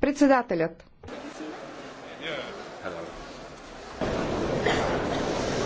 Председателят